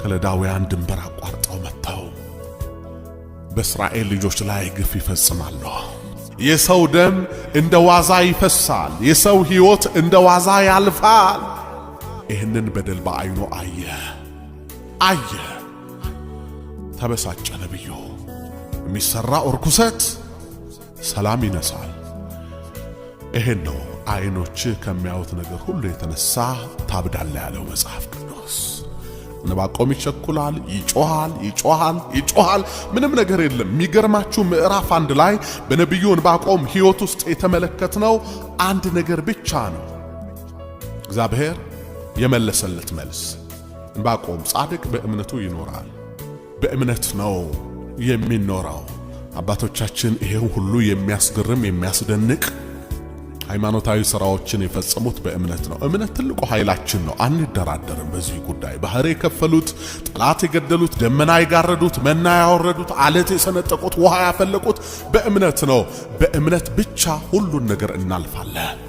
ከለዳውያን ድንበር አቋርጠው መጥተው በእስራኤል ልጆች ላይ ግፍ ይፈጽማሉ። የሰው ደም እንደ ዋዛ ይፈሳል። የሰው ሕይወት እንደ ዋዛ ያልፋል። ይህንን በደል በዐይኑ አየ አየ። ተበሳጨ ነቢዩ። የሚሠራ ርኩሰት ሰላም ይነሳል። ይህን ነው ዐይኖች ከሚያዩት ነገር ሁሉ የተነሳ ታብዳለ ያለው መጽሐፍ ቅዱስ። እንባቆም ይቸኩላል፣ ይጮሃል፣ ይጮሃል፣ ይጮሃል። ምንም ነገር የለም። የሚገርማችሁ ምዕራፍ አንድ ላይ በነቢዩ እንባቆም ሕይወት ውስጥ የተመለከትነው አንድ ነገር ብቻ ነው። እግዚአብሔር የመለሰለት መልስ እንባቆም ጻድቅ በእምነቱ ይኖራል፣ በእምነት ነው የሚኖረው። አባቶቻችን ይሄ ሁሉ የሚያስገርም የሚያስደንቅ ሃይማኖታዊ ስራዎችን የፈጸሙት በእምነት ነው። እምነት ትልቁ ኃይላችን ነው። አንደራደርም በዚህ ጉዳይ። ባህር የከፈሉት፣ ጠላት የገደሉት፣ ደመና የጋረዱት፣ መና ያወረዱት፣ አለት የሰነጠቁት፣ ውሃ ያፈለቁት በእምነት ነው። በእምነት ብቻ ሁሉን ነገር እናልፋለን።